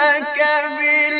لك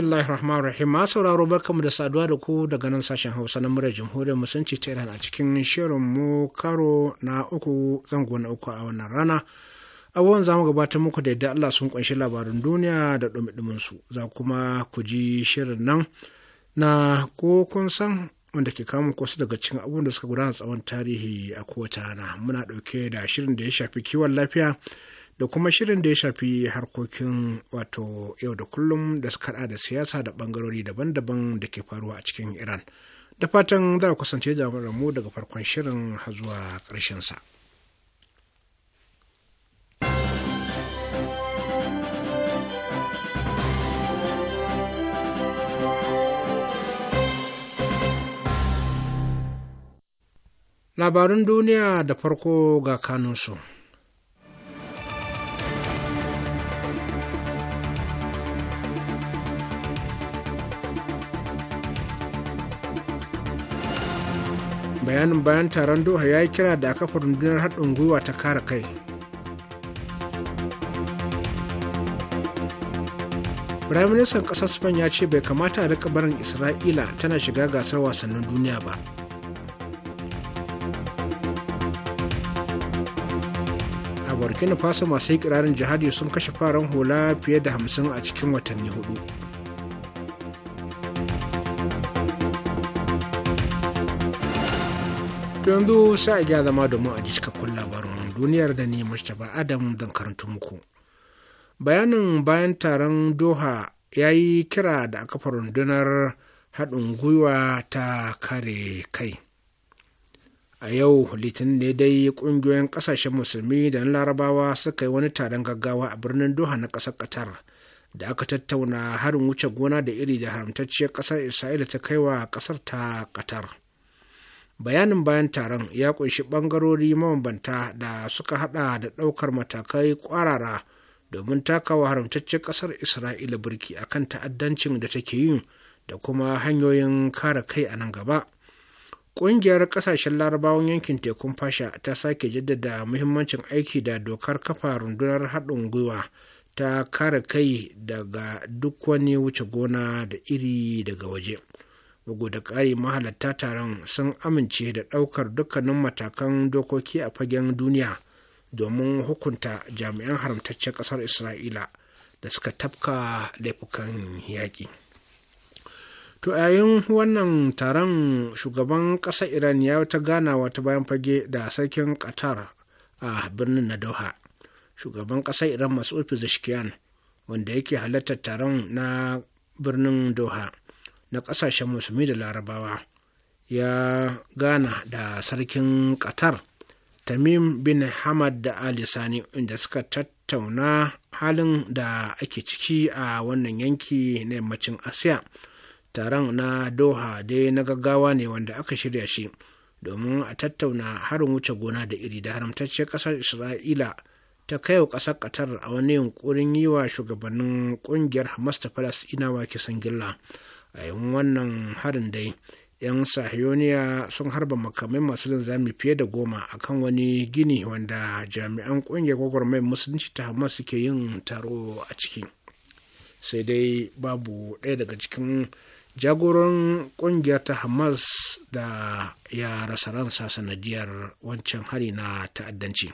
bismillah rahman rahim ma sauraro barkamu da saduwa da ku daga nan sashen hausa na murar jamhuriyar musanci ta iran a cikin shirin mu karo na uku zango na uku a wannan rana abubuwan za mu gabatar muku da yadda allah sun kunshi labarin duniya da dumi su za kuma ku ji shirin nan na ko kun san wanda ke kamun wasu daga cikin abubuwan da suka gudana tsawon tarihi a kowace rana muna ɗauke da shirin da ya shafi kiwon lafiya da kuma shirin da ya shafi harkokin wato yau da kullum da suka da siyasa da bangarori daban-daban da ke faruwa a cikin iran da fatan za a kusance jami'ar mu daga farkon shirin har zuwa karshen sa. labarun duniya da farko ga kanunsu. bayanin bayan taron doha ya yi kira da kafa rundunar haɗin gwiwa ta kare kai firaministan ƙasar spain ya ce bai kamata a rika barin isra'ila tana shiga gasar wasannin duniya ba a burkina faso masu ƙirarin jihadi sun kashe faran hula fiye da hamsin a cikin watanni hudu yanzu sai a gya zama domin a ji cikakkun labarin duniyar da ni mustapha adam zan karanta muku bayanin bayan taron doha ya yi kira da aka fara rundunar haɗin gwiwa ta kare kai a yau litinin ne dai ƙungiyoyin ƙasashen musulmi da na larabawa suka yi wani taron gaggawa a birnin doha na ƙasar qatar da aka tattauna harin wuce gona da iri da haramtacciyar ƙasar isra'ila ta kaiwa wa ƙasar ta qatar bayanin bayan taron ya kunshi bangarori mabambanta da suka hada da daukar matakai kwarara domin takawa haramtaccen kasar isra'ila birki kan ta'addancin da take yi da kuma hanyoyin kare kai a nan gaba ƙungiyar ƙasashen larabawan yankin tekun fasha ta sake jaddada muhimmancin aiki da dokar kafa rundunar haɗin gwiwa ta kare kai daga duk wani wuce gona da iri daga waje. bugu da ƙari mahalatta taron sun amince da ɗaukar dukkanin matakan dokoki a fagen duniya domin hukunta jami'an haramtaccen ƙasar isra'ila da suka tafka laifukan yaƙi to yayin wannan taron shugaban ƙasar iran ya ta gana wata bayan fage da sarkin qatar a birnin na doha shugaban ƙasar iran masu ofis wanda yake halartar taron na birnin doha na ƙasashen musulmi da larabawa ya gana da sarkin qatar tamim bin hamad da ali sani inda suka tattauna halin da ake ciki a wannan yanki na yammacin asiya taron na doha dai na gaggawa ne wanda aka shirya shi domin a tattauna harin wuce gona da iri da haramtacce ƙasar isra'ila ta kai wa ƙasar qatar a wani yunkurin yi wa shugabannin ƙungiyar hamas ta falasɗinawa kisan gilla a yin wannan harin dai 'yan sahiyoniya sun harba makamai masu linzami fiye da goma a kan wani gini wanda jami'an ƙungiyar gwagwarmayar musulunci ta hamas suke yin taro a ciki sai dai babu ɗaya daga cikin jagoran ƙungiyar ta hamas da ya rasa ransa sanadiyar wancan hari na ta'addanci.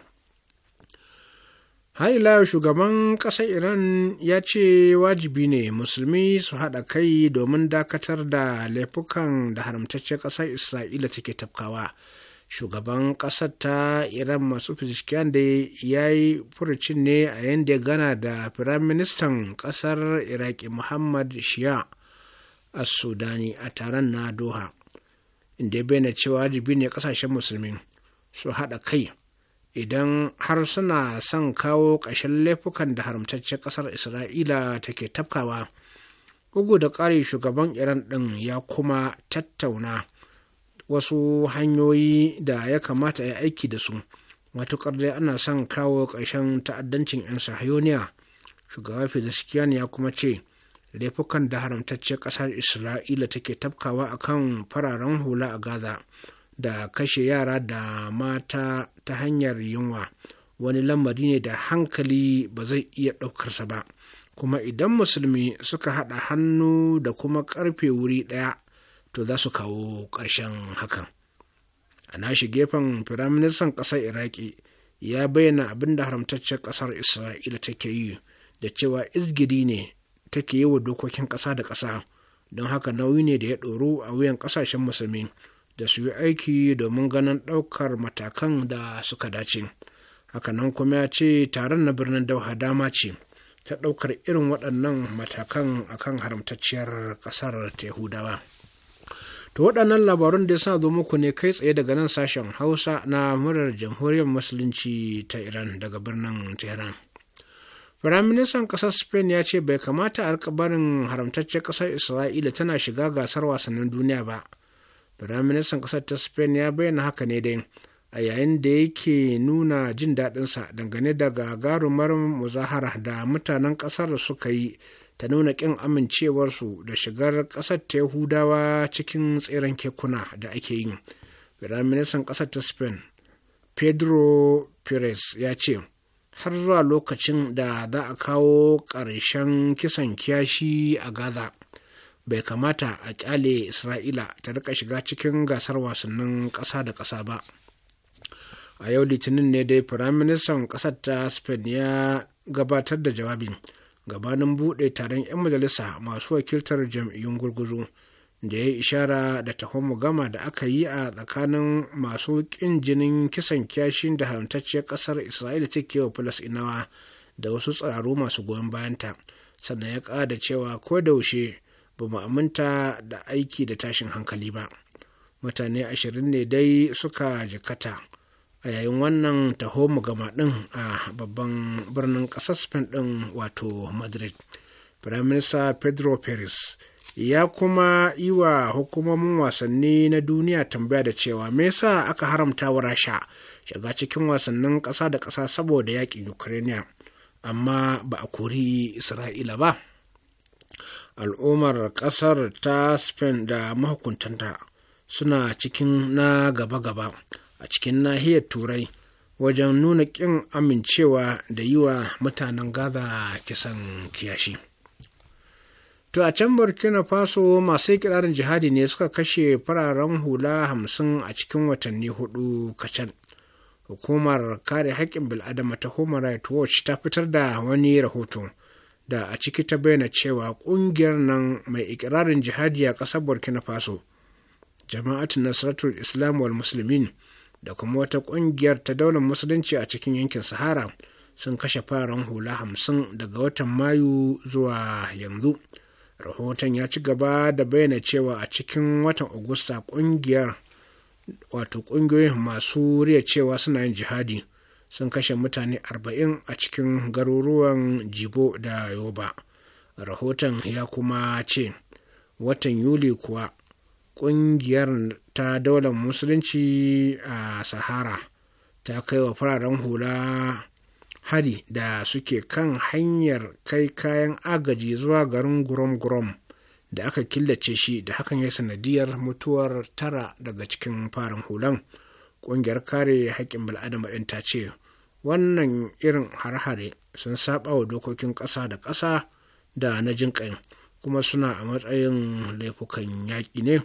haila shugaban ƙasar iran ya ce wajibi ne musulmi su haɗa kai domin dakatar da laifukan da haramtaccen ƙasar isra'ila take tafkawa shugaban ƙasar ta iran masu fizikiyar da ya yi furucin ne a yadda gana da firaministan ƙasar iraki muhammad shia a sudani a taron na doha inda ya bayyana cewa wajibi ne ƙasashen musulmi su haɗa kai idan har suna son kawo ƙashin laifukan da haramtaccen ƙasar isra'ila take tafkawa bugu da ƙari shugaban iran ɗin ya kuma tattauna wasu hanyoyi da ya kamata ya aiki da su matuƙar dai ana son kawo ƙarshen ta'addancin 'yan sahayoniya shugaban fiziskiyan ya kuma ce laifukan da haramtaccen ƙasar isra'ila take tafkawa akan fararen hula a gaza da kashe yara da mata ta hanyar yunwa wani lamari ne da hankali ba zai iya ɗaukarsa ba kuma idan musulmi suka haɗa hannu da kuma ƙarfe wuri ɗaya to za su kawo ƙarshen hakan a nashi gefen firaministan ƙasar iraki ya bayyana abin da haramtaccen ƙasar isra'ila take yi da cewa izgiri ne take yi wa dokokin ƙasa da ƙasa don haka nauyi ne da ya ɗoro a wuyan ƙasashen musulmi da su yi aiki domin ganin ɗaukar matakan da suka dace hakanan kuma ya ce taron na birnin dauha dama ce ta ɗaukar irin waɗannan matakan akan haramtacciyar ƙasar tehudawa to waɗannan labarun da ya sa zo muku ne kai tsaye daga nan sashen hausa na murar jamhuriyar musulunci ta iran daga birnin tehran Firaministan ƙasar Spain ya ce bai kamata a haramtacciyar ƙasar Isra'ila tana shiga gasar wasannin duniya ba, Firaministan ƙasar ta Spain ya bayyana haka ne dai a yayin da yake nuna jin daɗinsa dangane da gagarumar muzahara da mutanen ƙasar suka yi ta nuna ƙin amincewarsu da shigar ƙasar ta Yahudawa cikin tseren kekuna da ake yi. Firaministan ƙasar ta Spain Pedro Perez ya ce, har zuwa lokacin da za a kawo ƙarshen kisan kiyashi a Gaza. bai kamata a kyale isra'ila ta rika shiga cikin gasar wasannin ƙasa da ƙasa ba a yau litinin ne dai firaministan kasar ta spain ya gabatar da jawabin gabanin bude taron 'yan majalisa masu wakiltar jam'iyyun gurguzu da ya yi ishara da tahon gama da aka yi a tsakanin masu kin jinin kisan kyashin da haramtacciyar kasar isra'ila kewa wa inawa da wasu tsararru masu goyon bayanta sannan ya ƙada cewa ko da yaushe ba mu aminta da aiki da tashin hankali ba mutane ashirin ne dai suka jikata a yayin wannan taho gama din a babban birnin ƙasar spain din wato madrid firaminista pedro perez ya kuma yi wa hukumomin wasanni na duniya tambaya da cewa me yasa aka haramta wa rasha shiga cikin wasannin ƙasa da ƙasa saboda yaƙin ukraine amma ba a kori isra'ila ba al'ummar ƙasar ta spain da mahukuntanta suna cikin na gaba-gaba a cikin nahiyar turai wajen nuna ƙin amincewa da yi wa mutanen gaza kisan kiyashi to a can burkina faso masu kirarin jihadi ne suka kashe fararen hula hamsin a cikin watanni hudu kacan hukumar kare haƙƙin bil'adama ta human right watch ta fitar da wani rahoto da a ciki ta bayyana cewa ƙungiyar nan mai ikirarin jihadi a ƙasar burkina faso jama'at nasratul islam wal muslimin da kuma wata ƙungiyar ta daular musulunci a cikin yankin sahara sun kashe faran hula hamsin daga watan mayu zuwa yanzu rahoton ya ci gaba da bayyana cewa a cikin watan agusta kungiyar wato ƙungiyoyin masu riya cewa suna yin jihadi sun kashe mutane 40 a cikin garuruwan jibo da yoba rahoton ya kuma ce watan yuli kuwa kungiyar ta daular musulunci a sahara ta kai wa fararen hula hari da suke kan hanyar kai kayan agaji zuwa garin gurum-gurum da aka killace shi da hakan ya sanadiyar mutuwar tara daga cikin farin hulan ƙungiyar kare haƙƙin bil'adama ɗin ta ce wannan irin har-hare sun saba wa dokokin ƙasa da ƙasa da na jinƙai kuma suna a matsayin laifukan yaƙi ne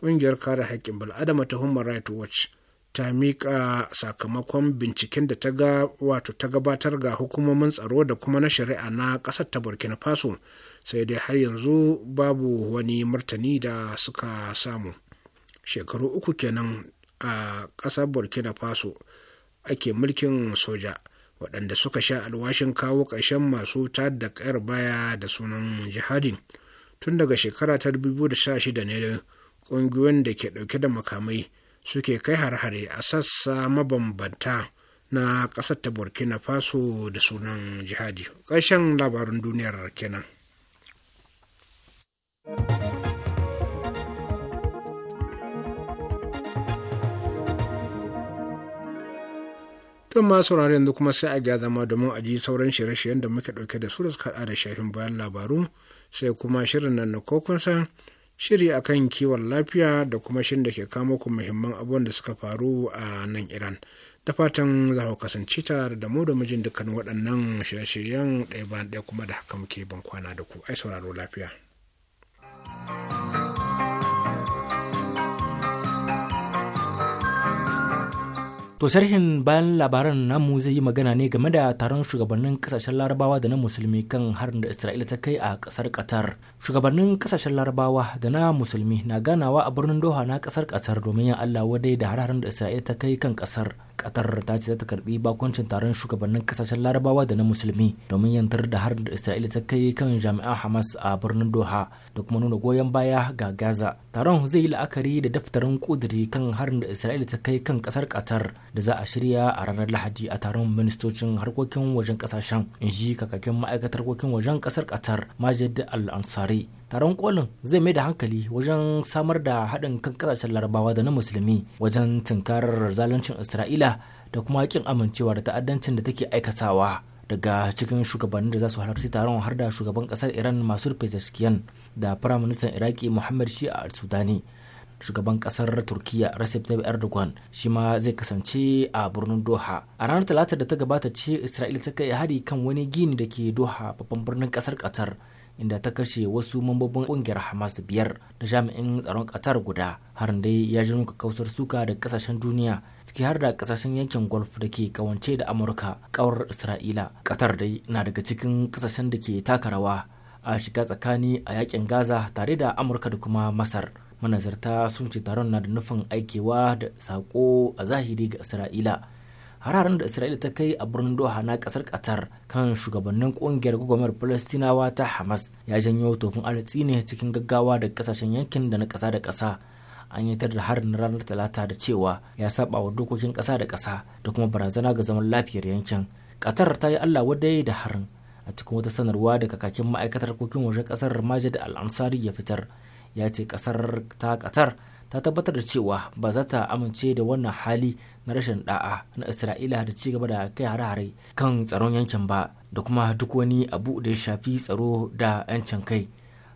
ƙungiyar kare haƙƙin bal'adama ta human rights watch ta miƙa sakamakon binciken da ta ga wato ta gabatar ga hukumomin tsaro da kuma na shari'a na ƙasar ta burkina faso sai dai har yanzu babu wani martani da suka samu shekaru uku kenan a ƙasar burkina faso ake mulkin soja waɗanda suka sha alwashin kawo ƙarshen masu tad da ƙayar baya da sunan jihadin tun daga shekara ta 2016 ne ƙungiyoyin da ke ɗauke da makamai suke kai har-hare a sassa mabambanta na ƙasar ta burkina faso da sunan jihadi ƙarshen labarin duniyar kenan. don ma saurari yanzu kuma sai a ga zama domin a ji sauran shirye-shiryen da muke ɗauke da su da suka da shafin bayan labaru sai kuma shirin nan na kokunsa shiri kan kiwon lafiya da kuma shirin da ke kamo ku muhimman abubuwan da suka faru a nan iran da fatan za ku kasance tare da mu da mijin dukkan waɗannan shirye-shiryen ɗaya bayan ɗaya kuma da haka muke ban kwana da ku ai sauraro lafiya. thank you To sarhin bayan labaran namu zai yi magana ne game da taron shugabannin kasashen larabawa da na musulmi kan harin da Isra'ila ta kai a kasar Qatar. Shugabannin kasashen larabawa da na musulmi na ganawa a birnin Doha na kasar Qatar domin yin Allah wadai da har da Isra'ila ta kai kan kasar. Qatar ta ce ta karbi bakoncin taron shugabannin kasashen larabawa da na musulmi domin yantar da har da Isra'ila ta kai kan jami'an Hamas a birnin Doha da kuma nuna goyon baya ga Gaza. Taron zai yi la'akari da daftarin kuduri kan harin da Isra'ila ta kai kan kasar Qatar da za a shirya a ranar lahadi a taron ministocin harkokin wajen kasashen inji kakakin ma'aikatar harkokin wajen kasar qatar majid al-ansari taron kolin zai mai da hankali wajen samar da haɗin kan kasashen larabawa da na musulmi wajen tunkarar zaluncin isra'ila da kuma kin amincewa da ta'addancin da take aikatawa daga cikin shugabannin da za su halarci taron har da shugaban kasar iran masu pezeshkian da firaministan iraki muhammad shi'a al-sudani shugaban kasar turkiya recep tayyip erdogan shi ma zai kasance a birnin doha a ranar talata da ta gabata ce isra'ila ta kai hari kan wani gini da ke doha babban birnin kasar qatar inda ta kashe wasu mambobin kungiyar hamas biyar da jami'in tsaron qatar guda har dai ya ji kausar suka da kasashen duniya ciki har da kasashen yankin golf da ke kawance da amurka kawar isra'ila qatar dai na daga cikin kasashen da ke taka rawa a shiga tsakani a yakin gaza tare da amurka da kuma masar manazarta sun ce taron na da nufin aikewa da sako a zahiri ga isra'ila hararen da isra'ila ta kai a birnin doha na kasar qatar kan shugabannin kungiyar gwamnatin palestinawa ta hamas ya janyo tofin arziki ne cikin gaggawa da kasashen yankin da na kasa da kasa an yi tar da harin ranar talata da cewa ya saba wa dokokin kasa da kasa da kuma barazana ga zaman lafiyar yankin qatar ta yi allah wadai da harin a cikin wata sanarwa da kakakin ma'aikatar kokin waje kasar majid al-ansari ya fitar ya ce kasar ta katar ta tabbatar da cewa ba za ta amince da wannan hali na rashin da'a na isra'ila da ci gaba da kai hare-hare kan tsaron yankin ba da kuma duk wani abu da ya shafi tsaro da 'yancin kai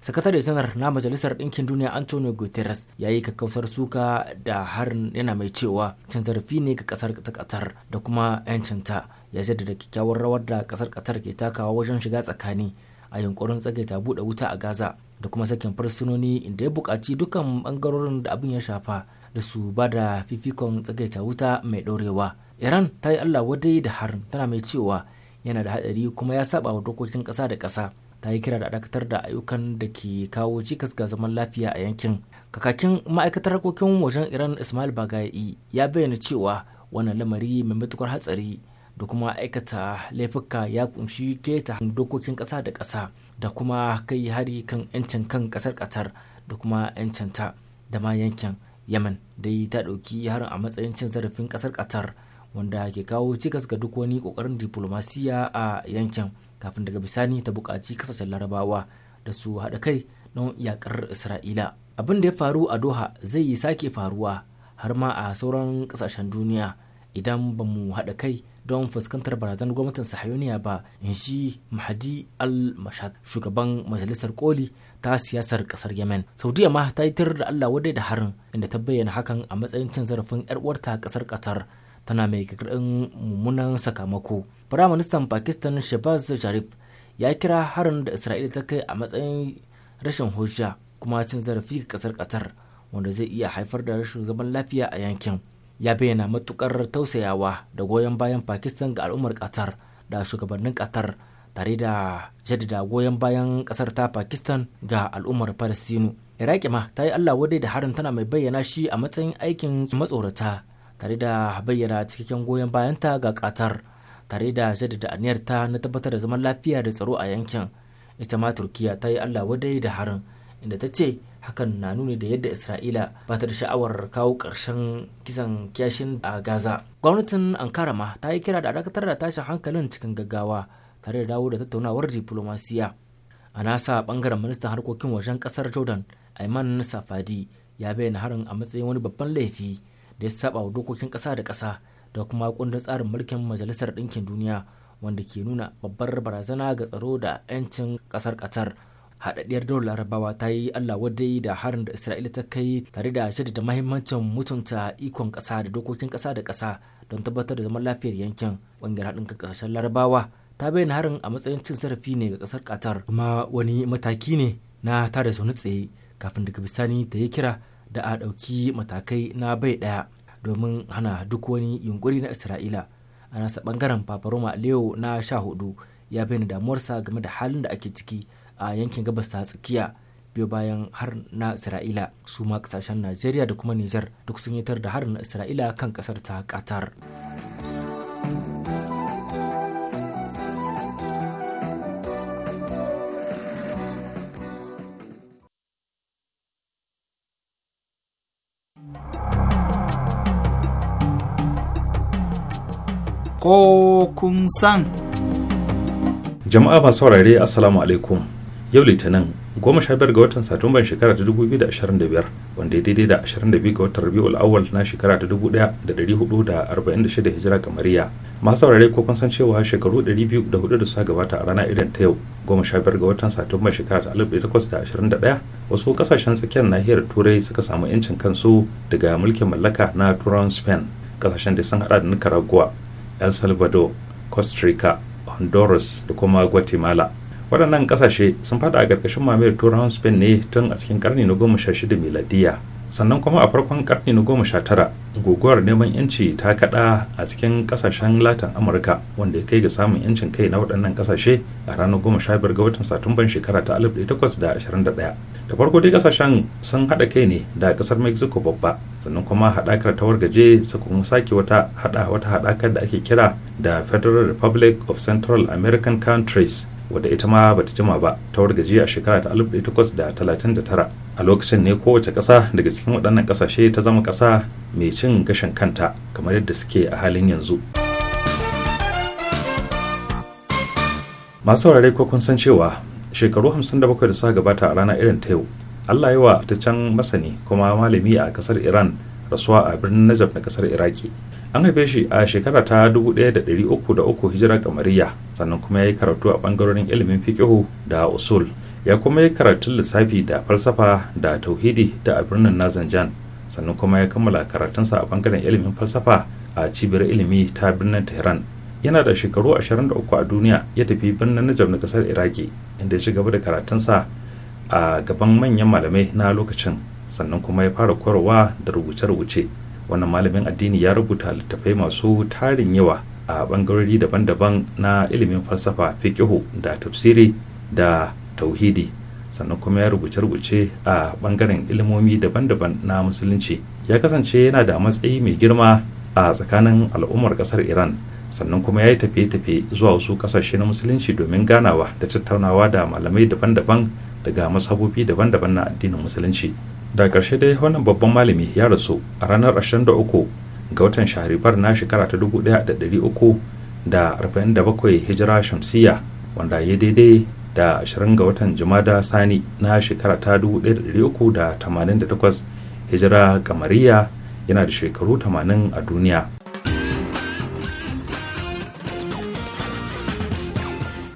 sakatare sanar na majalisar ɗinkin duniya antonio guterres ya yi kakkausar suka da harin yana mai cewa cin zarafi ne ga ƙasar ta ƙatar da kuma yancin ta ya da kyakkyawar rawar da kasar katar ke takawa wajen shiga tsakani a yunkurin tsagaita buɗe wuta a gaza da kuma sakin fursunoni inda ya buƙaci dukkan ɓangarorin da abin ya shafa da su ba da fifikon tsagaita wuta mai ɗorewa iran ta yi allah wadai da harin tana mai cewa yana da hatsari kuma ya saba wa dokokin ƙasa da ƙasa ta yi kira da dakatar da ayyukan da ke kawo cikas ga zaman lafiya a yankin kakakin ma'aikatar harkokin wajen iran ismail bagayi ya bayyana cewa wannan lamari mai matukar hatsari da kuma aikata laifuka ya kunshi keta dokokin ƙasa da ƙasa da kuma kai hari kan 'yancin kan kasar qatar da kuma 'yancinta da ma yankin yemen dai ta ɗauki harin a matsayin cin zarafin kasar qatar wanda ke kawo cikas ga duk wani kokarin diplomasiya a yankin kafin daga bisani ta buƙaci kasashen larabawa da su haɗa kai don yakar isra'ila abin da ya faru a doha zai sake faruwa har ma a sauran ƙasashen duniya idan ba mu haɗa kai don fuskantar barazanar gwamnatin sahayoniya ba in shi mahadi al-mashad shugaban majalisar koli ta siyasar kasar yemen saudiya ma ta yi da allah wadai da harin inda ta bayyana hakan a matsayin cin zarafin yar uwarta kasar qatar tana mai kakarin mummunan sakamako firaministan pakistan shabaz sharif ya kira harin da isra'ila ta kai a matsayin rashin hujja kuma cin zarafi ga kasar qatar wanda zai iya haifar da rashin zaman lafiya a yankin ya bayyana matukar tausayawa da goyon bayan pakistan ga al'ummar qatar da shugabannin qatar tare da jaddada goyon bayan kasar ta pakistan ga al'ummar palestinu iraki ma ta yi allah wadai da harin tana mai bayyana shi a matsayin aikin matsorata tare da bayyana cikakken goyon bayanta ga qatar tare da jaddada aniyarta na tabbatar da zaman lafiya da tsaro a yankin ita ma turkiya ta yi allah wadai da harin inda ta ce hakan na nuni da yadda isra'ila ba ta da sha'awar kawo ƙarshen kisan kyashin a gaza gwamnatin ankara ma ta yi kira da dakatar da tashin hankalin cikin gaggawa tare da dawo da tattaunawar diplomasiya a nasa bangaren ministan harkokin wajen kasar jordan ayman safadi ya bayyana harin a matsayin wani babban laifi da ya saba wa dokokin kasa da kasa da kuma kundin tsarin mulkin majalisar ɗinkin duniya wanda ke nuna babbar barazana ga tsaro da 'yancin kasar ƙatar. hadaddiyar daular larabawa ta yi allah wadai da harin da isra'ila ta kai tare da jaddada mahimmancin mutunta ikon ƙasa da dokokin kasa da kasa don tabbatar da zaman lafiyar yankin ƙungiyar haɗin kan ƙasashen larabawa ta bayyana harin a matsayin cin zarafi ne ga ƙasar qatar kuma wani mataki ne na tare zaune tsaye kafin daga bisani ta yi kira da a dauki matakai na bai ɗaya domin hana duk wani yunkuri na isra'ila a nasa ɓangaren paparoma leo na sha hudu ya bayyana damuwarsa game da halin da ake ciki a yankin gabas ta tsakiya biyo bayan har na isra'ila su ma kasashen najeriya da kuma nijar duk sun yitar da har na isra'ila kan kasar ta qatar ko kun san jama'a ba saurare assalamu alaikum yau litinin goma sha biyar ga watan satumban shekara ta dubu biyu da ashirin da biyar wanda ya daidai da ashirin da biyu ga watan rabi'u awwal na shekara ta dubu ɗaya da ɗari hudu da arba'in da shida hijira kamariya masu saurare ko kun san cewa shekaru ɗari biyu da hudu da suka gabata a rana irin ta yau goma sha biyar ga watan satumban shekara ta alif ɗaya takwas da ashirin da ɗaya wasu ƙasashen tsakiyar nahiyar turai suka samu 'yancin kansu daga mulkin mallaka na turan spain ƙasashen da sun haɗa da nicaragua el salvador costa rica honduras da kuma guatemala waɗannan ƙasashe sun faɗa a ƙarƙashin mamayar turawan spain ne tun a cikin ƙarni na goma sha shida miladiya sannan kuma a farkon ƙarni na goma sha tara guguwar neman yanci ta kaɗa a cikin ƙasashen latin amurka wanda ya kai ga samun yancin kai na waɗannan ƙasashe a ranar goma sha biyar ga watan satumban shekara ta alif ɗaya takwas da ashirin da ɗaya da farko dai ƙasashen sun haɗa kai ne da ƙasar mexico babba sannan kuma haɗakar ta wargaje su kuma sake wata haɗa wata haɗakar da ake kira da federal republic of central american countries wadda ita ma bata jima ba ta wargaji a shekara ta 1839 a lokacin ne kowace ƙasa daga cikin waɗannan ƙasashe ta zama ƙasa mai cin gashin kanta kamar yadda suke a halin yanzu masu saurare ko kun san cewa shekaru 57 da suka gabata a rana irin ta yau Allah yi wa ta can masani kuma malami a kasar Iran rasuwa a birnin Najaf na kasar Iraki an haife shi a shekara ta 1303 hijira kamariya sannan kuma ya yi karatu a bangarorin ilimin fiqihu da usul ya kuma yi karatun lissafi da falsafa da tauhidi da a birnin nazanjan sannan kuma ya kammala karatunsa a bangaren ilimin falsafa a cibiyar ilimi ta birnin tehran yana da shekaru 23 a duniya ya tafi birnin najab na kasar iraki inda ya ci gaba da karatunsa a gaban manyan malamai na lokacin sannan kuma ya fara koyarwa da rubuce-rubuce wannan malamin addini ya rubuta littattafai masu tarin yawa a bangarori daban-daban na ilimin falsafa fiqihu da tafsiri da tauhidi sannan kuma ya rubuce-rubuce a bangaren ilimomi daban-daban na musulunci ya kasance yana da matsayi mai girma a tsakanin al'ummar kasar iran sannan kuma ya yi tafiye-tafiye zuwa wasu kasashe na musulunci domin ganawa da tattaunawa da malamai daban-daban daga masabobi daban-daban na addinin musulunci da ƙarshe dai wannan babban malami ya rasu a ranar 23 ga watan shahribar na shekara ta 1347 hijira shamsiya wanda ya daidai da 20 ga watan jumada sani na shekara ta 1388 hijira kamariya yana da shekaru 80 a duniya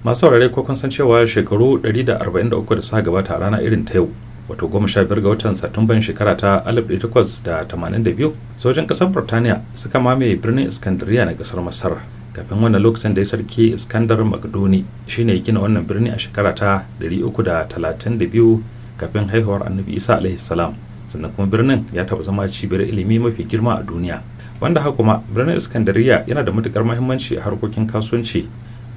masu saurare ko san cewa shekaru 143 da suka gabata a rana irin ta yau wato goma sha biyar ga watan satumban shekara ta 1882 sojin kasar burtaniya suka mamaye birnin iskandariya na kasar masar kafin wannan lokacin da ya sarki iskandar makdoni shine ya gina wannan birni a shekara ta 332 kafin haihuwar annabi isa alaihi salam sannan kuma birnin ya taɓa zama cibiyar ilimi mafi girma a duniya wanda haka kuma birnin iskandariya yana da matukar mahimmanci a harkokin kasuwanci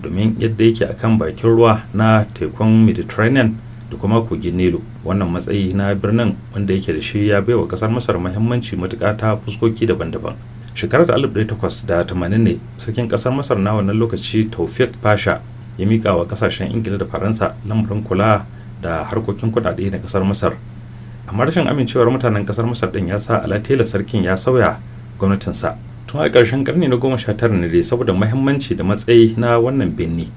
domin yadda yake akan bakin ruwa na tekun mediterranean da kuma kogin nilo wannan matsayi na birnin wanda yake da shi ya bai wa kasar masar muhimmanci matuƙa ta fuskoki daban-daban shekarar da tamanin ne sarkin kasar masar na wannan lokaci taufik pasha ya miƙa wa kasashen ingila da faransa lamarin kula da harkokin kuɗaɗe na kasar masar amma rashin amincewar mutanen kasar masar ɗin ya sa alatela sarkin ya sauya gwamnatinsa tun a ƙarshen ƙarni na goma sha tara ne dai saboda muhimmanci da matsayi na wannan birni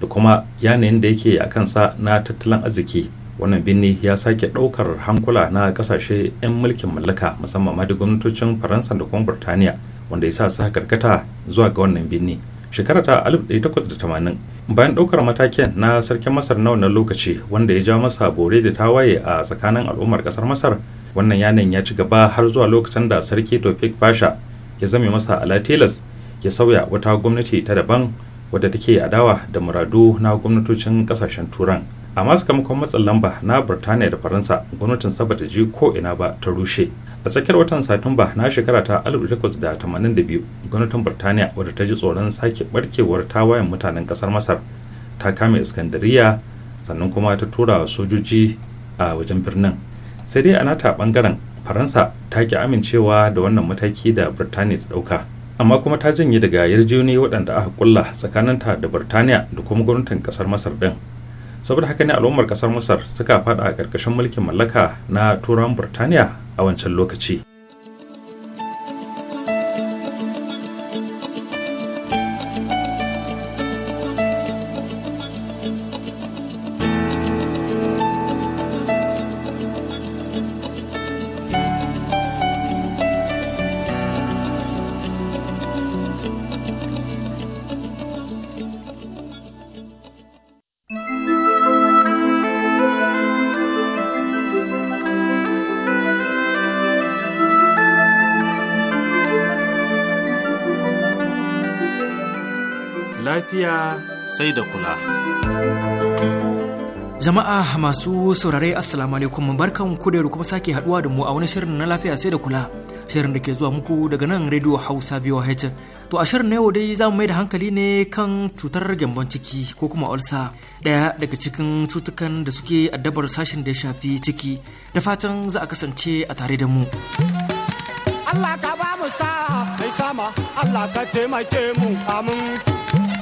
da kuma yanayin da yake a kansa na tattalin arziki wannan birni ya sake ɗaukar hankula na ƙasashe 'yan mulkin mallaka musamman ma da gwamnatocin faransa da kuma burtaniya wanda ya sa su karkata zuwa ga wannan birni shekara ta 1880 bayan ɗaukar matakin na sarkin masar na wannan lokaci wanda ya ja masa bore da tawaye a tsakanin al'ummar ƙasar masar wannan yanayin ya ci gaba har zuwa lokacin da sarki tofik basha ya zame masa alatilas ya sauya wata gwamnati ta daban wadda take adawa da muradu na gwamnatocin kasashen turan amma sakamakon matsin lamba na birtaniya da faransa gwamnatin saba ta ji ko ina ba ta rushe a tsakiyar watan satumba na shekara ta 1882 gwamnatin burtaniya wadda ta ji tsoron sake barkewar tawayen mutanen kasar masar ta kame iskandariya sannan kuma ta tura sojoji a wajen birnin sai dai a nata bangaren faransa ta ki amincewa da wannan mataki da burtaniya ta dauka amma kuma ta janye daga yarjejeniyoyi waɗanda aka kulla tsakaninta da birtaniya da kuma gwamnatin ƙasar masar ɗin saboda haka ne al'ummar ƙasar masar suka faɗa a ƙarƙashin mulkin mallaka na turan birtaniya a wancan lokaci lafiya sai da kula. Jama'a masu saurare Assalamu alaikum barkan ku da kuma sake haduwa da mu a wani shirin na lafiya sai da kula. Shirin da ke zuwa muku daga nan Radio Hausa VOH. To a shirin na yau dai za mu mai da hankali ne kan cutar gyambon ciki ko kuma ulsa daya daga cikin cutukan da suke addabar sashen da ya shafi ciki da fatan za a kasance a tare da mu. Allah ka ba mu sa mai sama Allah ka taimake mu amin.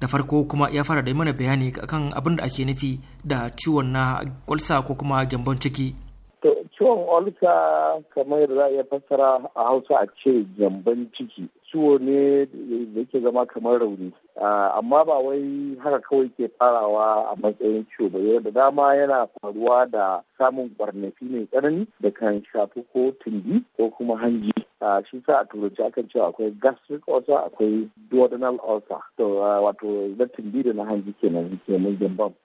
da farko kuma ya fara da mana bayani kan abin da ake nufi da ciwon na kwalsa ko kuma gyambon ciki ciwon olsa kamar da za a iya fassara a hausa a ce gyambon ciki ciwo ne da yake zama kamar rauni ah, amma ba wai haka kawai ke farawa a matsayin ciwo ba yau da dama yana faruwa da samun kwarnafi mai tsanani da kan shafi ko tumbi ko kuma hanji a ah, shi sa a turanci akan cewa akwai gastric ulcer akwai duodenal ulcer to ah, wato na tumbi da na hanji kenan ke mun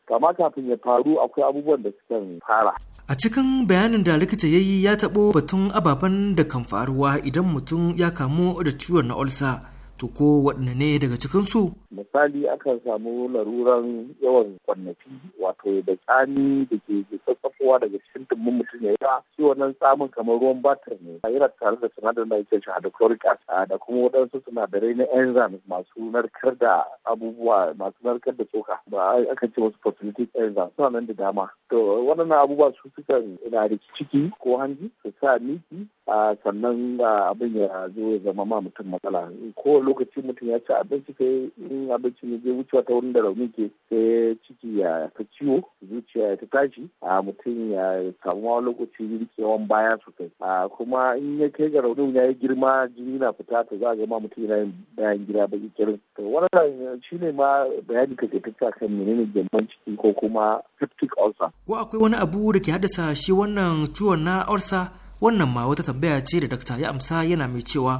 kama kafin ya faru akwai abubuwan da sukan fara A cikin bayanin da likita ya yi ya taɓo batun ababen da kan faruwa idan mutum ya kamu da ciwon na olsa, to ko waɗanne ne daga cikinsu? misali akan samu laruran yawan kwannafi wato da tsani da ke tsatsafowa daga cikin tumbin mutum ya yawa shi wannan tsamin kamar ruwan batir ne yana tare da sinadarin da ake shahada chloric acid da kuma waɗansu sinadarai na enzyme masu narkar da abubuwa masu narkar da tsoka ba kan ce wasu phosphatic enzyme suna nan da dama to waɗannan abubuwa su sukan na da ciki ko hanji su sa miki a sannan abin ya zo ya zama ma mutum matsala ko lokaci mutum ya ci abinci ka in abincin ya je wucewa ta wurin da rauni ke sai ciki ya ta ciwo zuciya ya ta tashi a mutum ya samu wani lokaci rikewan baya sosai a kuma in ya kai ga raunin ya yi girma jini na fita to za a ga ma mutum yana yin bayan gida baki kirin to wannan shine ma bayani kake a kan menene gyambon ciki ko kuma cystic ulcer ko akwai wani abu da ke haddasa shi wannan ciwon na ulcer wannan ma wata tambaya ce da dakta ya amsa yana mai cewa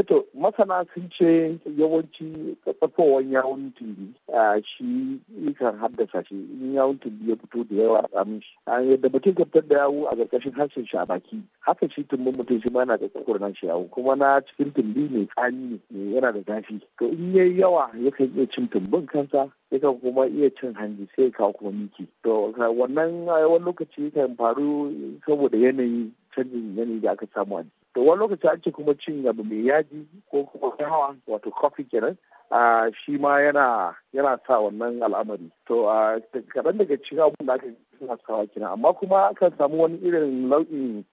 eto masana sun ce yawanci tsakowar yawon tumbi a shi kan haddasa shi in yawon tumbi ya fito da yawa a tsamin shi a yadda mutum gabtar da yawo a ƙarƙashin harshen shi a baki haka shi tumbin mutum shi ma yana da tsakuwar nan shi yawo kuma na cikin tumbi mai tsani ne yana da zafi to in yayi yawa yakan iya cin tumbin kansa yakan kuma iya cin hanji sai kawo kuma miki to wannan wani lokaci kan faru saboda yanayi canjin yanayi da aka samu a to wani lokaci an ce kuma cin abu mai yaji ko kuma hawa wato kofi kenan a shi ma yana yana sa wannan al'amari to a kaɗan daga cikin abubuwan da aka suna sawa kenan amma kuma akan samu wani irin nau'in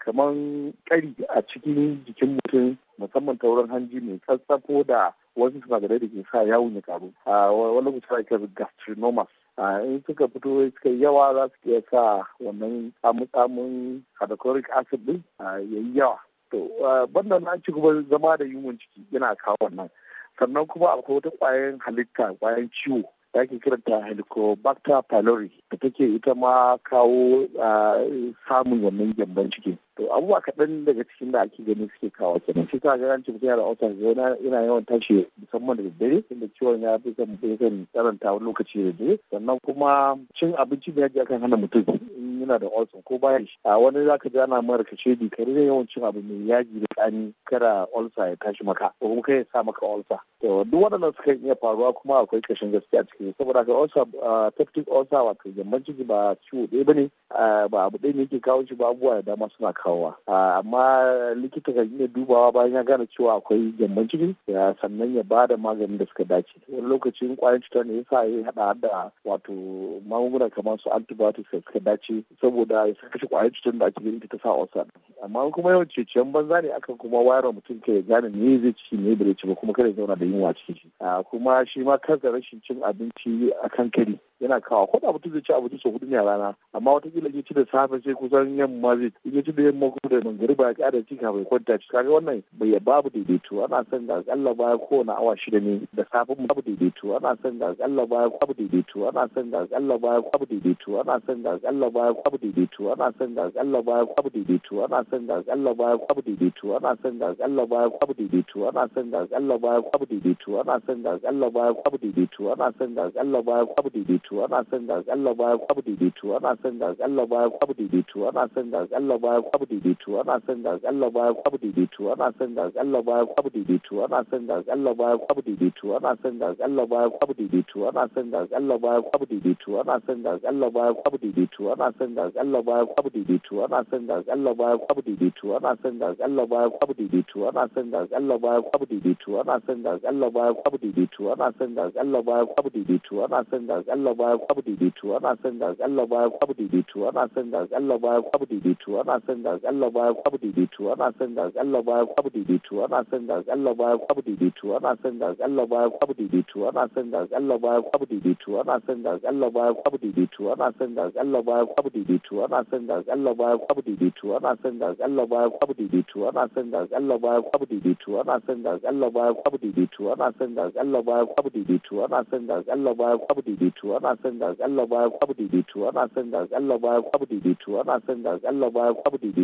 kaman ƙari a cikin jikin mutum musamman ta wurin hanji mai sassafo da wasu sinadarai da ke sa yawon ya karu a wani lokaci ake gastrinomas a in suka fito suka yawa za su iya sa wannan tsamutsamun hydrochloric acid din ya yi yawa to banda na ci gaba zama da yunwan ciki yana kawo wannan sannan kuma akwai wata kwayan halitta kwayan ciwo da ake kiranta helicobacter pylori da take ita ma kawo samun wannan gyambon cikin to abubuwa kaɗan daga cikin da ake gani suke kawo kenan shi kaga ranci mutum yana da autar yana yana yawan tashi musamman da daddare inda ciwon ya fi kan kan karanta wani lokaci da dare sannan kuma cin abinci da yaji akan hana mutum in yana da ulcer ko baya shi a wani zaka ji ana mara kashe kari kare yawan cin abu mai yaji da tsani kara olsa ya tashi maka ko kuma kai ya sa maka olsa to duk waɗannan suka iya faruwa kuma akwai kashin gaskiya a ciki saboda haka olsa peptic olsa wato gyamban ciki ba ciwo ɗaya ne ba abu ɗaya ne yake kawo shi ba abubuwa da dama suna kawo kawowa ah, amma likita kan iya dubawa bayan ya gane cewa akwai gyamban ciki sannan ya ba da maganin da suka dace wani lokacin kwayan cutar ne yasa ya hada da wato magunguna kamar su antibiotics da suka dace saboda ya kashe kwayan cutar da ake gani ta sa osa amma kuma yawan ceciyan banza ne akan kuma wayar mutum ka ya gane me zai ci ne bai ci ba kuma kada ya zauna da yunwa cikin shi ah, kuma shi ma kansa rashin cin abinci akan kari yana kawo ko da mutum zai ci abinci sau hudu ne a rana amma watakila ya ci da safe sai kusan yamma zai ya ci da bayan mako da mangariba ya ƙara ci bai kwanta ci kaga wannan bai babu daidaito ana son ga akalla ko na awa shida ne da safin babu daidaito ana son ga akalla ko babu daidaito ana son ga akalla ko babu daidaito ana son ga akalla ko babu daidaito ana son ga akalla ko babu daidaito ana son ga akalla ko babu daidaito ana son ga akalla ko babu daidaito ana son ga akalla ko babu daidaito ana son ga akalla ko babu daidaito ana son ga akalla ko babu daidaito ana son ga akalla ko babu daidaito ana son ga akalla ko babu daidaito ana son ga akalla ko babu babu daidaito ana son ga akalla baya babu daidaito ana son ga akalla baya babu daidaito ana son ga akalla baya babu daidaito ana son ga akalla baya babu daidaito ana son ga akalla baya babu daidaito ana son ga akalla baya babu daidaito ana son ga akalla baya babu daidaito ana son ga akalla baya babu daidaito ana son ga akalla baya babu daidaito ana son ga akalla baya babu daidaito ana son ga akalla baya daidaito ana son ga akalla baya daidaito ana son ga akalla baya daidaito ana son ga akalla baya daidaito ana son ga akalla baya daidaito ana son ga akalla baya kwabu daidaito ana son ga akalla baya kwabu daidaito ana son ga akalla baya kwabu daidaito ana son ga akalla baya kwabu daidaito ana son ga akalla baya kwabu daidaito ana son ga akalla baya kwabu daidaito ana son ga akalla baya kwabu daidaito ana son ga akalla baya kwabu daidaito ana son ga akalla baya kwabu daidaito ana son ga daidaito ana son ga daidaito ana son ga daidaito ana son ga daidaito ana son ga daidaito ana son ga daidaito ana son ga daidaito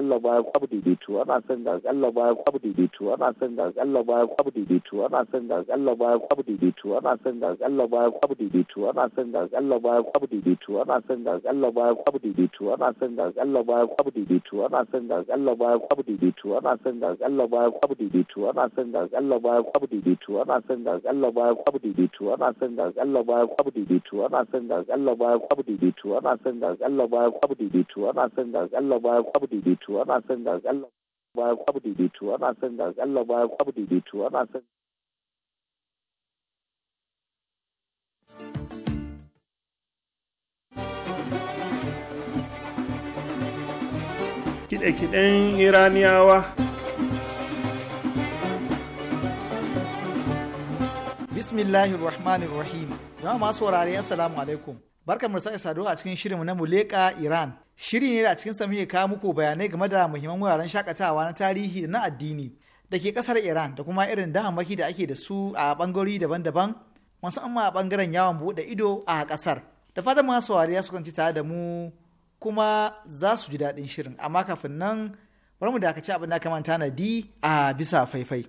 akalla baya kwabu daidaito ana son ga akalla baya kwabu daidaito ana son ga akalla baya kwabu daidaito ana son ga akalla baya kwabu daidaito ana son ga akalla baya kwabu daidaito ana son ga akalla baya kwabu daidaito ana son ga akalla baya kwabu daidaito ana son ga kwabu daidaito ana son ga kwabu daidaito ana son ga kwabu daidaito ana son ga kwabu daidaito ana son ga kwabu daidaito ana son ga kwabu daidaito ana son ga kwabu daidaito ana son ga kwabu daidaito ana son ga kwabu daidaito daidaito ana son ga akalla baya kwabu daidaito ana son ga akalla baya kwabu daidaito ana son kiɗe-kiɗen iraniyawa bismillahir rahmanir rahim jama'a masu wurare assalamu alaikum barkan mu sake saduwa a cikin shirinmu na muleka iran Shiri ne da cikin cikinsa kawo muku bayanai game da muhimman wuraren shakatawa na tarihi da na addini da ke kasar Iran da kuma irin damammaki da ake da su a bangarori daban-daban musamman a bangaren yawon buɗe ido a kasar. Da fatan masu ya su ci tare da mu kuma za su ji daɗin shirin amma kafin nan bari mu dakaci abin da kamanta na di a bisa faifai.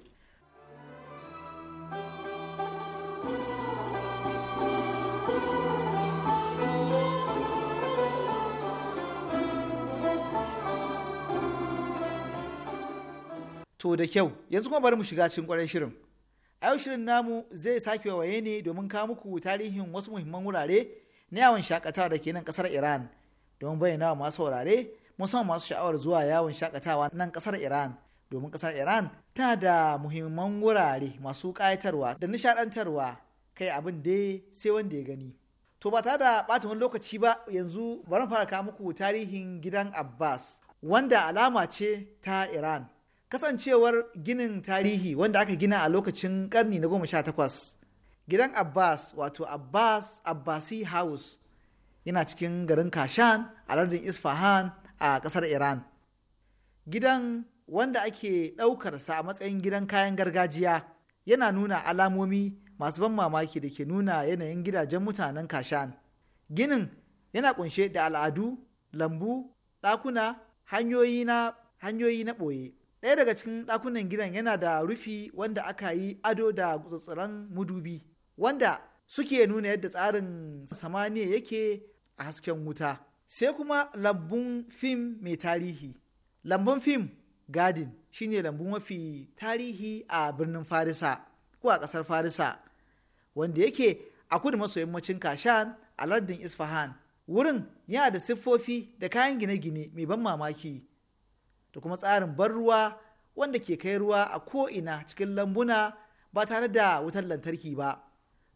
To da kyau, yanzu kuma bari mu shiga cikin kwarai shirin. A yau shirin namu zai sake waye ne domin kawo muku tarihin wasu muhimman wurare na yawon shakatawa da ke nan kasar Iran. Domin bayyana wa masu saurare musamman masu sha'awar zuwa yawon shakatawa nan kasar Iran. Domin kasar Iran ta da muhimman wurare masu kayatarwa da nishaɗantarwa kai abin dai sai wanda ya gani. To ba ta da ɓata wani lokaci ba yanzu bari fara kawo muku tarihin gidan Abbas wanda alama ce ta Iran. kasancewar ginin tarihi wanda aka gina a lokacin karni na goma sha takwas gidan abbas wato abbas abbasi house yana cikin garin kashan a lardin isfahan a kasar iran gidan wanda ake ɗaukarsa a matsayin gidan kayan gargajiya yana nuna alamomi masu ban mamaki da ke nuna yanayin gidajen mutanen kashan ginin yana kunshe da al'adu lambu ɗakuna hanyoyi na ɓoye ɗaya daga cikin ɗakunan gidan yana da rufi wanda aka yi ado da tsatsiran mudubi wanda suke nuna yadda tsarin samaniya yake a hasken wuta sai kuma lambun fim mai tarihi lambun fim gadin shine lambun mafi tarihi a birnin farisa ko a ƙasar farisa wanda yake a kudu maso yammacin kashan a lardin isfahan wurin yana da siffofi da kayan gine-gine mai ban mamaki da kuma tsarin ban ruwa wanda ke kai ruwa a ko'ina cikin lambuna ba tare da wutar lantarki ba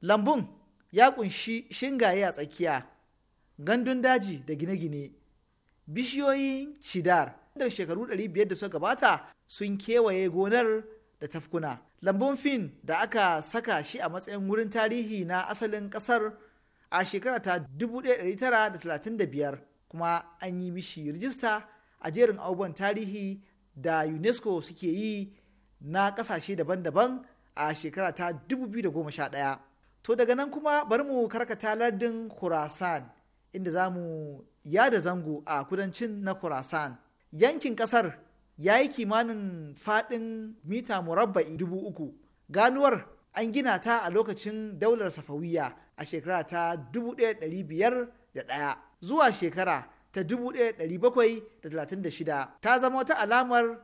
lambun ya kunshi shingaye a tsakiya gandun daji da gine-gine bishiyoyin cidar da shekaru 500 da suka gabata sun kewaye gonar da tafkuna lambun fin da aka saka shi a matsayin wurin tarihi na asalin kasar a shekara ta 1935 kuma an yi mishi rijista a jerin abubuwan tarihi da unesco suke yi na kasashe daban-daban a shekara ta 2011 to daga nan kuma bari mu karkata lardin khurasan inda za mu yada zango a kudancin na khurasan yankin kasar ya yi kimanin faɗin mita murabba'i dubu uku ganuwar an gina ta a lokacin daular safawiya a shekara ta 1501 zuwa shekara ta 1736 ta zama wata alamar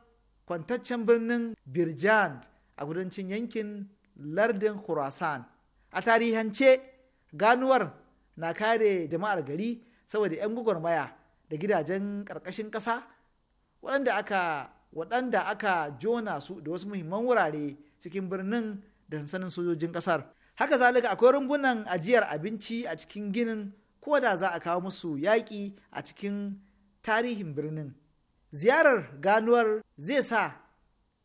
kwantaccen birnin Birjan a kudancin yankin lardin Khurasan. A tarihance ganuwar na kare jama'ar gari saboda 'yan gwagwarmaya da gidajen ƙarƙashin ƙasa waɗanda aka waɗanda aka jona su da wasu muhimman wurare cikin birnin da sansanin sojojin ƙasar. Haka zalika akwai rumbunan ajiyar abinci a cikin ginin ko da za a kawo musu yaƙi a cikin tarihin birnin ziyarar ganuwar zai sa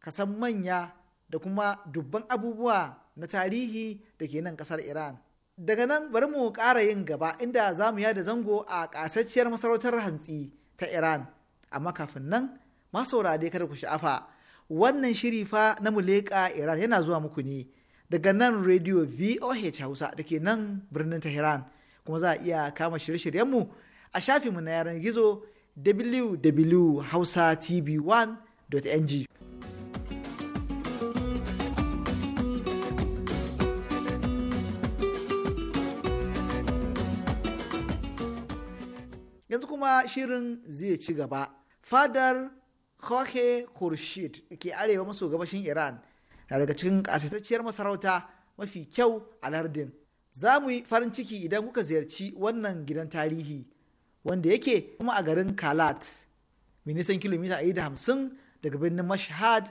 ka san manya da kuma dubban abubuwa na tarihi da ke nan ƙasar iran daga nan bari mu ƙara yin gaba inda za mu yada zango a ƙasasciyar masarautar hantsi ta iran amma kafin nan masaurare kada ku sha'afa wannan shiri fa na muleka iran yana zuwa muku ne daga nan radio voh hausa da ke nan birnin tehran kuma za a iya kama shirye-shiryenmu a mu na yaran gizo www.hausatv1.ng yanzu kuma shirin zai ci gaba fadar Jorge Khurshid ke arewa maso gabashin Iran na daga cikin ƙasaitacciyar masarauta mafi kyau a lardin za mu yi farin ciki idan kuka ziyarci wannan gidan tarihi wanda yake kuma a garin kalat mai nisan kilomita hamsin daga birnin mashhad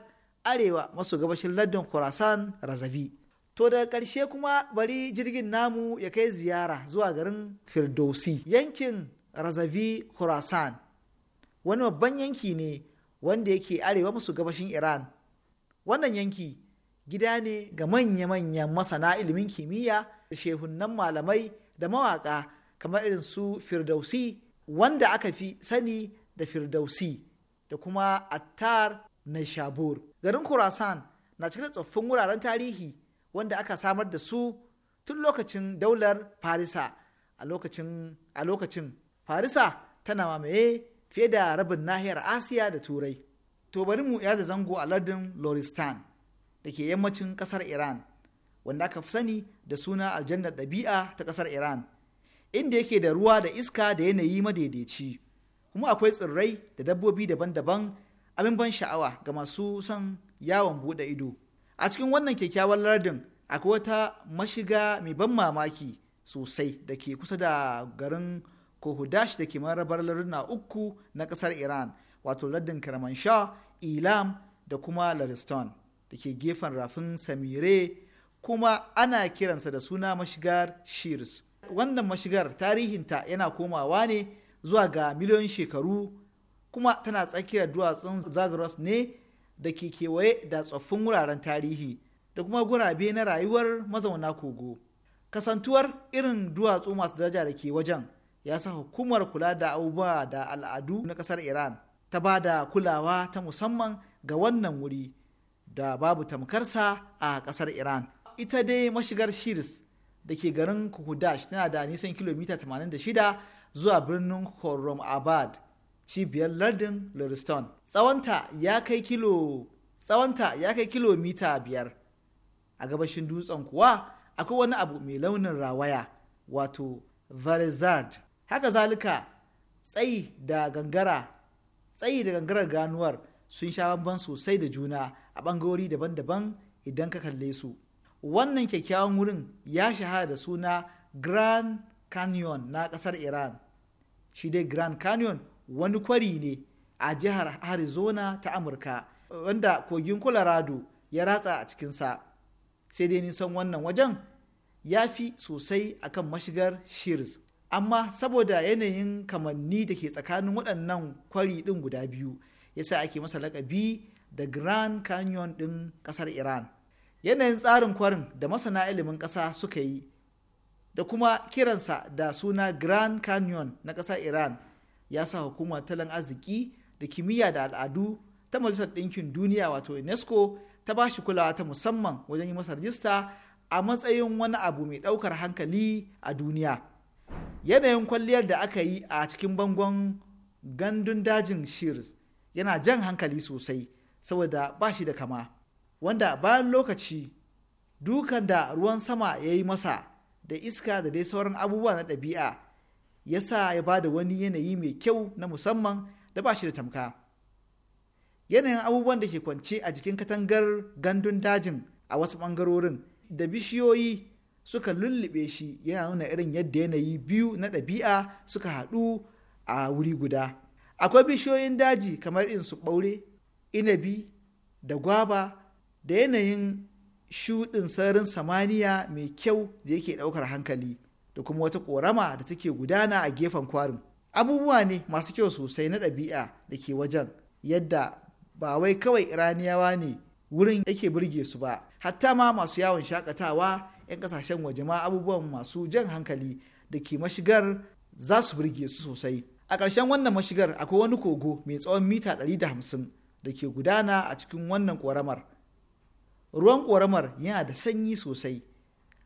arewa maso gabashin lardin khorasan razavi to daga ƙarshe kuma bari jirgin namu ya kai ziyara zuwa garin firdausi yankin razavi khorasan wani babban yanki ne wanda yake arewa maso gabashin iran wannan yanki gida ne ga manya-manyan masana ilimin kimiyya da shehunan malamai da mawaƙa kamar irin su firdausi wanda aka fi sani da firdausi da kuma attar na shabur garin khurasan na cikin tsoffin wuraren tarihi wanda aka samar da su tun lokacin daular farisa a lokacin farisa tana mamaye fiye da rabin nahiyar asiya da turai to bari mu yada zango a lardin loristan da ke yammacin kasar iran wanda aka fi sani da suna aljannar ɗabi'a ta ƙasar iran inda yake da ruwa da iska da yanayi madaidaici kuma akwai tsirrai da dabbobi daban-daban abin ban sha'awa ga masu son yawon buɗe ido a cikin wannan kyakkyawan lardin akwai wata mashiga mai ban mamaki sosai da ke kusa da garin kohudash da ke marabar larduna uku na ƙasar iran wato lardin kermanshah ilam da kuma lariston da ke gefen rafin samire kuma ana kiransa da suna mashigar shears. Wannan mashigar tarihinta yana komawa ne zuwa ga miliyoyin shekaru kuma tana tsakiyar duwatsun Zagros ne da ke kewaye da tsoffin wuraren tarihi da kuma gurabe na rayuwar mazauna kogo. Kasantuwar irin duwatsu masu daraja da ke wajen ya sa hukumar kula da abubuwa da al'adu na kasar Iran ta ba da kulawa ta musamman ga wannan wuri da babu tamkarsa a kasar Iran. ita dai mashigar shirs da ke garin kuhudash tana da nisan kilomita 86 zuwa birnin korom abad cibiyar lardin lurston tsawonta ya kai kilomita biyar a gabashin dutsen kuwa akwai wani abu mai launin rawaya wato verizard haka zalika tsayi da gangara tsayi da gangarar ganuwar sun sha bamban sosai da juna a ɓangarori daban-daban idan ka kalle su wannan kyakkyawan wurin ya shahara da suna grand canyon na ƙasar iran shi dai grand canyon wani kwari ne a jihar arizona ta amurka wanda kogin colorado ya ratsa a cikinsa sai dai nisan wannan wajen ya fi sosai akan mashigar shears amma saboda yanayin kamanni da ke tsakanin waɗannan kwari ɗin guda biyu yasa ake masa lakabi da grand canyon ɗin ƙasar iran yanayin tsarin kwarin da masana ilimin ƙasa suka yi da kuma kiransa da suna grand canyon na ƙasar iran ya sa hukumar talan arziki da kimiyya da al'adu ta majalisar ɗinkin duniya wato unesco ta ba shi kulawa ta musamman wajen yi masa rajista a matsayin wani abu mai ɗaukar hankali a duniya yanayin kwalliyar da aka yi a cikin bangon gandun dajin shears yana jan hankali sosai saboda ba shi da kama wanda bayan lokaci dukan da ruwan sama ya yi masa da iska da dai sauran abubuwa na ɗabi'a ya sa ya ba da wani yanayi mai kyau na musamman da ba shi da tamka yanayin abubuwan da ke kwance a jikin katangar gandun dajin a wasu ɓangarorin da bishiyoyi suka lullube shi yana nuna irin yadda yanayi biyu na ɗabi'a suka haɗu a wuri guda akwai bishiyoyin daji kamar in su ɓaure inabi da gwaba da yanayin shuɗin sararin samaniya mai kyau da yake ɗaukar hankali da kuma wata ƙorama da take gudana a gefen kwarin abubuwa ne masu kyau sosai na ɗabi'a da ke wajen yadda ba wai kawai iraniyawa ne wurin yake burge su ba hatta ma masu yawon shakatawa 'yan ƙasashen waje ma abubuwan masu jan hankali da ke mashigar za su burge su sosai a ƙarshen wannan mashigar akwai wani kogo mai tsawon mita 150 da ke gudana a cikin wannan ƙoramar ruwan ƙoramar yana da sanyi sosai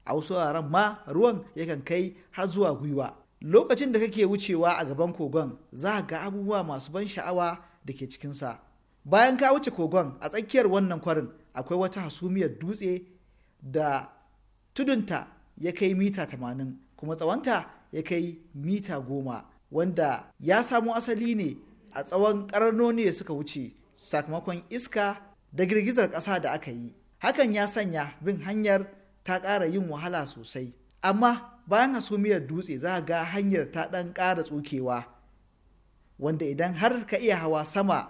a wasu wuraren ma ruwan yakan kai har zuwa gwiwa lokacin da kake wucewa a gaban kogon za ga abubuwa masu ban sha'awa da ke cikinsa bayan ka wuce kogon a tsakiyar wannan kwarin akwai wata hasumiyar dutse da tudunta ya kai mita tamanin kuma tsawonta ya kai mita goma wanda ya samo asali ne a tsawon ƙararnoni da suka wuce sakamakon iska da girgizar ƙasa da aka yi hakan ya sanya bin hanyar ta ƙara yin wahala sosai amma bayan hasumiyar dutse za ga hanyar ta ɗan ƙara tsokewa wanda idan har ka iya hawa sama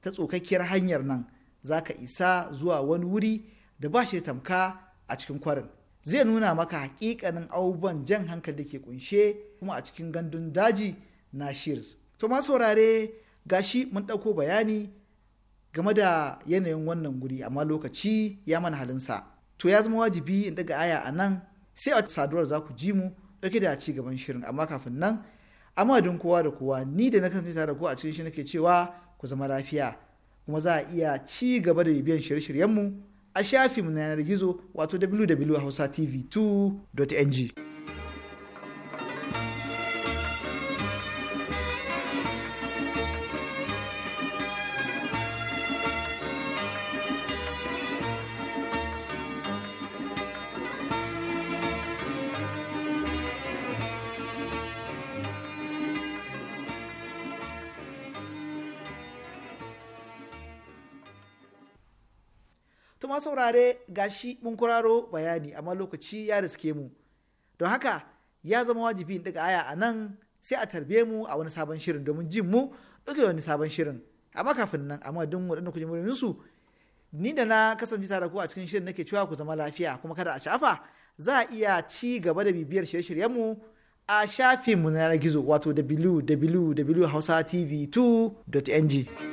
ta tsokakkiyar hanyar nan za ka isa zuwa wani wuri da ba shi tamka a cikin kwarin zai nuna maka hakikanin abubuwan jan hankali da ke kunshe kuma a cikin gandun daji na shears to ma saurare gashi mun ɗauko bayani game da yanayin wannan guri amma lokaci ya mana halinsa to ya zama wajibi in daga aya a nan sai a saduwar za ku ji mu ɗauke da ci gaban shirin amma kafin nan amma don kowa da kowa ni da na kasance tare da ku a cikin shi nake cewa ku zama lafiya kuma za a iya ci gaba da bibiyan shirye-shiryenmu a shafinmu na yanar gizo wato www.hausatv2.ng. saurare shi mun kuraro bayani amma lokaci ya riske mu don haka ya zama wajibi in daga aya a nan sai a tarbe mu a wani sabon shirin domin jin mu ɗauke wani sabon shirin amma kafin nan amma don waɗanda ku ji su ni da na kasance tare ku a cikin shirin nake cewa ku zama lafiya kuma kada a shafa za a iya ci gaba da bibiyar shirye mu a shafin shafinmu na gizo wato www.hausatv2.ng.